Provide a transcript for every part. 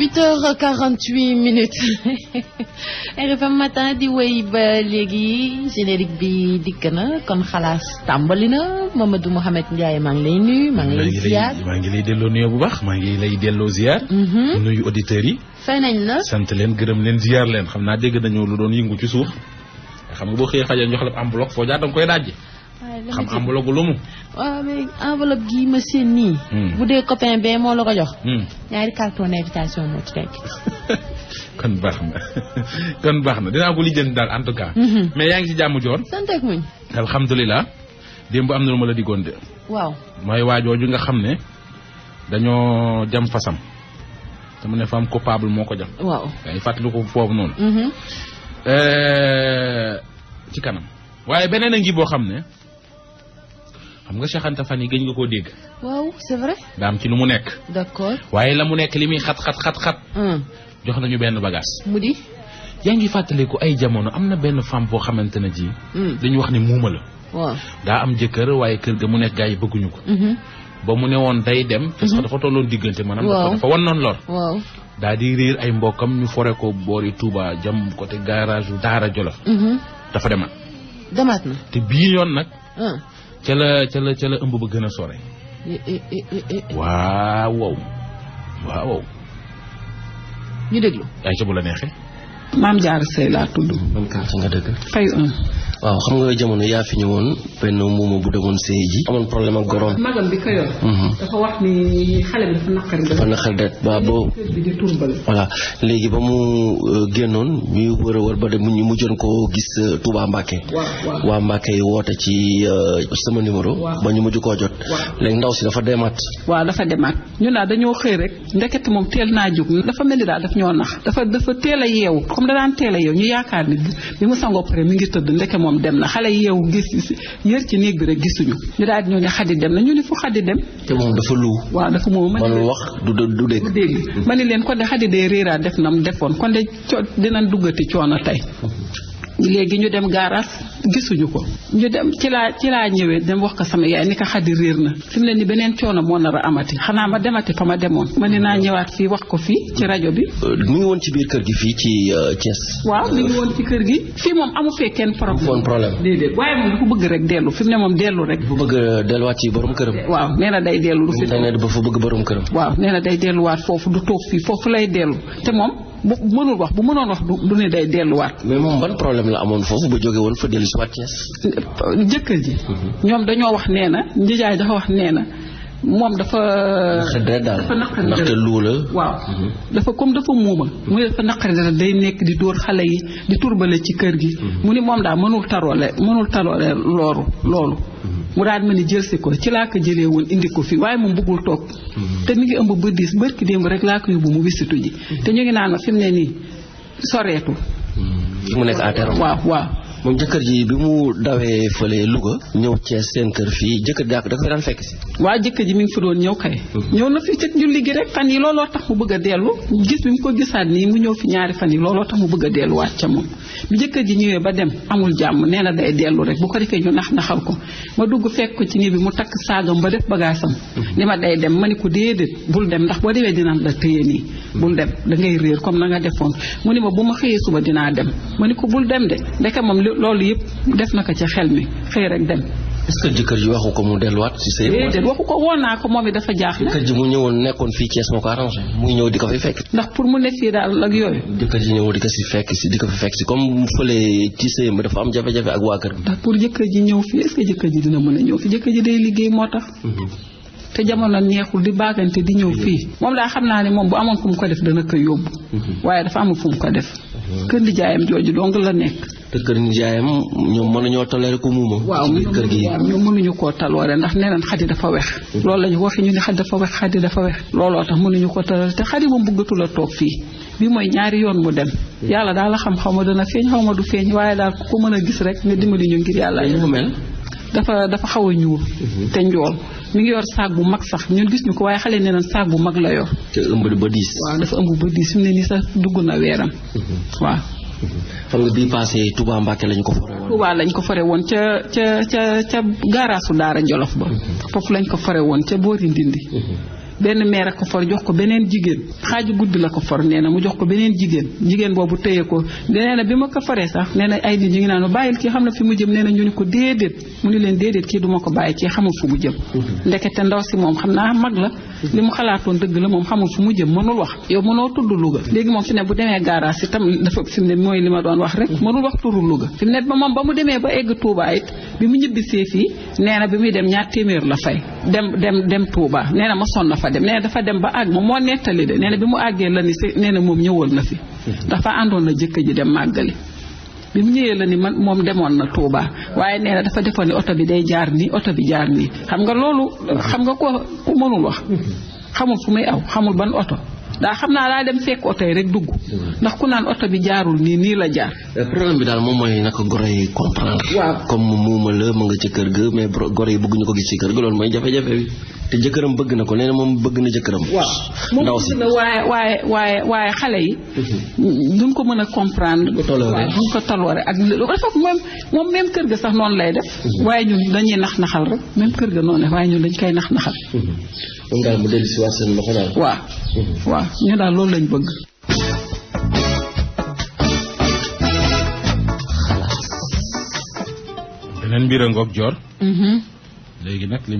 a h 48 minutes RFM matin di way ba léegi générique bi dikk na kon xalaas tàmbali na ma Mouhamed Ndiaye maa ngi lay nuyu maa ngi lay ziar maa ngi lay delloo nuyoo bu baax maa ngi lay delloo ziar mhm. nuyu auditeurs yi fay nañ la sant leen gërëm leen ziar leen xam naa dégg nañu lu doon yëngu ci suuf xam nga boo xëyee fajar jox la am bloc foo jaar danga koy dajji xam enveloppe lu mu waaw mais enveloppe gii ma seen nii hmm. bu dee copain bee moo la ko jox hmm. ñaari carton invitation moo ci nekk kon baax na kon baax na dinaa ko lijjanti daal en tout cas mhm. mais yaa ngi si jàmm joon ak muñ alhamdulilah démb am na la digoon de waaw mooy waajooju nga xam ne dañoo jam fasam dama ne femme coupable moo ko jam waaw ay fàttaliku foofu noonu mhm. euh, ci kanam waaye beneen ngi boo xam ne xam nga Cheikh Anta fan yi gëj nga koo dégg. waaw c'est vrai. daa am ci lu mu nekk. d'accord waaye la mu nekk li muy xat xat xat xat. jox nañu benn bagage. mu di. yaa ngi fàttaliku ay jamono am na benn femme boo xamante ne ji. dañu wax ne muuma la. waaw daa am jëkkër waaye kër ga mu nekk gars yi bëgguñu ko. Mhm. ba mu ne woon day dem. te sax mhm. dafa tolloon diggante maanaam. waaw dafa wan noon lor. waaw daa di riir ay mbokkam ñu fore ko boori Touba jam côté garage daara Jolof. Mhm. dafa demaat. demaat na ca la ca la ca la ëmb ba gën a sore. Eh, eh, eh, waaw waaw waaw. ñu déglu. ay ca la neexee. maam Diarra Seye laa tudd. ban quartier nga dëgg fay waaw xam nga jamono yaa fi woon benn muuma bu demoon sëy ji amoon problème ak goroom magam mhm. dafa wax ni xale bi dafa naqari dafa naqari boobu voilà léegi ba mu euh, génnoon ñu wër a wër ba de ñu mujjoon ko gis euh, Touba Mbacké waa Mbacké yi woote ci euh, sama numéro ba ñu mujj koo jot léegi ndaw si dafa demaat waa dafa demaat ñu naa dañoo xëy rek ndeket moom teel naa jóg dafa mel ni daal daf ñoo nax dafa dafa teel a yeewu comme da daan teel a yeewu ñu yaakaar ni bi mu sangoo pare mi ngi tëdd ndeke moom dem xale yeewu gis yër ci néeg bi rek gisuñu ñu daal di ñëw ne xaddi dem na ñu ne fu xaddi dem. te moom dafa lu. waaw dafa moom man lu wax du du dégg. dégg ma ne leen kon de xaddi day réeraat def na mu defoon kon de co dinañ duggati coono tey. léegi ñu dem gaaraas gisuñu ko ñu dem ci laa ci laa ñëwee dem wax ko sama yaay ni ko xadi réer na fi mu ne ni beneen coono moo na a amati xanaa ma demati fa ma demoon ma naa ñëwaat fii wax ko fii ci rajo bi. Euh, woon ci biir kër gi fii ci euh, Thiès. waaw mi ngi woon ci kër gi fii moom amu fee kenn problème problème déedéet waaye moom ku bëgg rek dellu fi mu ne moom dellu rek. bu bëgg euh, delluwaat ci borom këram. waaw nee na day dellu. lu bëgg borom këram. waaw nee na day delluwaat foofu du toog fii foofu lay dellu te moom bu mënul wax bu mënoon wax du ne day delluwaat. mais moom ban problème la amoon foofu ba jóge fa dellu si waat Thiès. jëkkër ji. Mhm. ñoom dañoo wax nee na Ndiaye dafa wax nee na moom dafa. naqari daal ndaxte waaw. Mhm. dafa comme dafa muuma. mu ne dafa naqari dara day nekk di dóor xale yi di turbale ci kër gi. Mhm. mu ni moom daal mënul taroole mënul taroole loolu loolu. mu daal ma ni jël si ko ci laa ko jëlee woon indi ko fii waaye moom bëggul toog mm-hmm. te mi ngi ëmb ba diis ki démb rek laa ko yóbbu mu wisitu ji mm-hmm. te ñu ngi naan ma fi ne nii soreetu mm-hmm. mu waaw waaw moom jëkkër ji bi mu dawee fële Louga ñëw Thiès seen kër fii jëkkër ji da ko fi daan fekk si waa jëkkër ji mi ngi fi doon ñëw kay mhm. ñëw na fi ci julli gi rek fan yi looloo tax mu bëgg a dellu gis bi mu ko gisaat nii mu ñëw fi ñaari fan yi looloo tax mu bëgg a delluwaat ca moom bi jëkkër ji ñëwee ba dem amul jàmm nee na day dellu rek bu ko defee ñu nax naxal ko ma dugg fekk ko ci nii bi mu takk saagam ba def bagaasam mhm. ni ma day dem ma ni ko déedéet bul dem ndax boo demee dinaan la téye nii mhm. bul dem da ngay réer comme na nga defoon mu ni ma bu ma xëyee suba dinaa dem ma ni ko bul dem de ndeke moom loolu yëpp def na ko ci xel mi xëy rek dem. est-ce que jëkkër ji waxu ko mu delluwaat si sëy déedéet waxu ko woon naa ko moom it dafa jaaxle. jëkkër ji mu ñëwoon nekkoon fii Thiès moo ko arrangé muy ñëw di ko fi fekk. ndax pour mu nekk fii daal ak yooyu. jëkkër di ko si si di ko fi fekk si comme mu fële dafa am jafe ak waa kër ndax pour jëkkër ji ñëw fii est que jëkkër ji dina mën a ñëw fii jëkkër ji day liggéey moo tax. Mhm. te jamono neexul di baagante di ñëw fii. Mhm. moom daa xam naa ne moom bu amoon fu mu ko def dana ko yóbbu. Mhm. waaye dafa amul fu mu ko def. kër di jaayam jooju dong la nekk te kër nijaayam ñoom mënuñoo toléré ku muuma. ci biir kër gi waaw ñoom mënuñu koo taloore ndax nee nañ xadi dafa wex. loolu la ñu waxee ñu ne xadi dafa wex xadi dafa looloo tax mënuñu ko taloore te xadi moom bëggatul a toog fii bi mooy ñaari yoon mu dem. yàlla daal la xam xaw ma dana feeñ xaw ma du feeñ waaye daal ko mën a gis rek nga dimbali ñu ngir yàlla. ñu mel dafa dafa xaw a ñuul. Mhm. te njool. mu ngi yor saag bu mag sax ñun gis ñu ko waaye xale nee nañ saag bu mag la yor. te ëmb ba diis. dafa ëmb ba diis fi mu ne nii sax dugg na weeram. Mhm. xam nga bii passé Touba Mbacke lañ ko fore woon. Touba lañ ko fore woon ca ca ca ca gaaraasu Daara Jolof ba. Mm-hmm. foofu lañ ko fore woon ca boori Ndindi. Mm-hmm. benn meer a for jox ko beneen jigéen xaaju guddi la ko for nee na mu jox ko beneen jigéen jigéen boobu téye ko nee na bi ma ko foree sax nee na ay nit ñu ngi naan bàyyil kii xam na fi mu jëm nee na ñu ni ko déedéet mu ni leen déedéet kii du ko bàyyi kii xamul fu mu jëm mhm. ndekete ndaw si moom xam naa mag la mhm. li mu xalaatoon dëgg la moom xamul fu mu jëm mënul wax yow mënoo tudd Louga léegi moom fi ne bu demee garage itam dafa fi mu ne mooy li ma doon wax rek mhm. mënul wax turu Louga fi mu ne ba moom ba mu demee ba egg Touba bi mu ñibbisee fii nee na bi muy dem ñaar téeméer la fay dem dem dem Touba nee na ma sonna fa dem nee dafa dem ba àgg moom moo nettali de nee na bi mu àggee la ni si nee na moom ñëwoon na fi. dafa àndoon na jëkkër ji dem màggali. bi mu ñëwee la ni man moom demoon na Touba waaye nee na dafa defoon ni oto bi day jaar nii oto bi jaar nii xam nga loolu. xam nga ko ku mënul wax. xamul fu muy aw xamul ban oto. daa xam naa laa dem fekk oto yi rek dugg. ndax ku naan oto bi jaarul nii nii la jaar. Eh, problème bi daal moom mooy naka goro yi comprendre. waaw comme muuma la mu nga ci kër ga mais goro yi bëgguñu ko gis ci kër ga loolu mooy jafe-jafe bi. te jëkkëram bëgg na ko nee moom bëgg na jëkkëram. waaw ndaw si waaye waaye waaye xale yi. Mhm. duñ ko mën a comprendre. duñ ko tolloore duñ ko tolloore ak dafa moom moom kër ga sax noonu lay def. Mhm. waaye ñun dañuy nax naxal rek même kër ga noonu la waaye ñun dañ koy nax naxal. donc mhm. daal mu dellu si waat seen loxo ñu daal loolu lañ bëgg. a ngoog joor. léegi nag li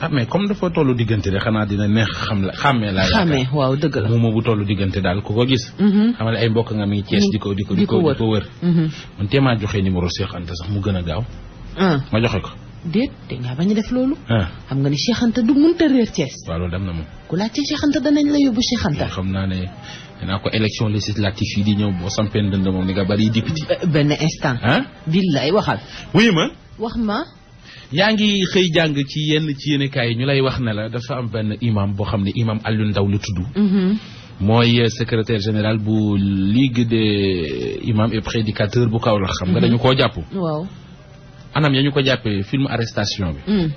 ah mais comme dafa tollu diggante de xanaa dina neex xam la xàmmee laa xàmmee waaw dëgg la moom bu tollu diggante daal ku ko gis mhm. xam ne ay mbokk nga mi ngi Cees di ko di ko wër mhm. a gaaw ah. ma a def ah. nga ni Cheikh Anta du mënta réer Cees waaw na moom ku laajte Cheikh Anta danañ la yóbbu Cheikh Anta naa ne danaa ko élection législative yi di ñëw boo sampeen dënd moom ni nga bari député euh, benn instant billaay waxal wuyu ma wax ma yaa ngi xëy jàng ci yenn ci yéenekaay yi ñu lay wax ne la dafa am benn imam boo xam ne imam Alioune Ndao la tudd. Mm-hmm. mooy euh, secretaire général bu ligue des imams et prédicateurs bu Kaolack. xam nga mm-hmm. dañu ko jàpp. waaw anam ya ñu ko jàppee film arrestation bi. Mm.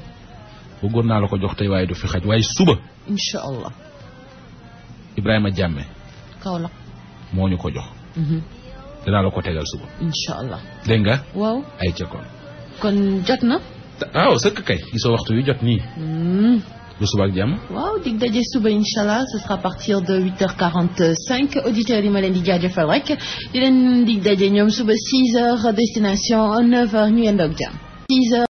bëggoon naa la ko jox tey waaye du fi xaj waaye suba. incha allah. Ibrahima Diame. Kaolack moo ñu ko jox. Mm-hmm. dinaa la ko tegal suba. incha allah dégg nga. waaw ay ca kon jot na. ah oh, sëkk kay gisoo waxtu wi jot nii. bu suba ak jàmm. waaw dig daje suba incha allah ce sera à partir de 8h45 auditeurs yi ma leen di jaajëfal rek di leen dig daje ñoom suba 6h destination 9h ñu yendoog jàmm 6h.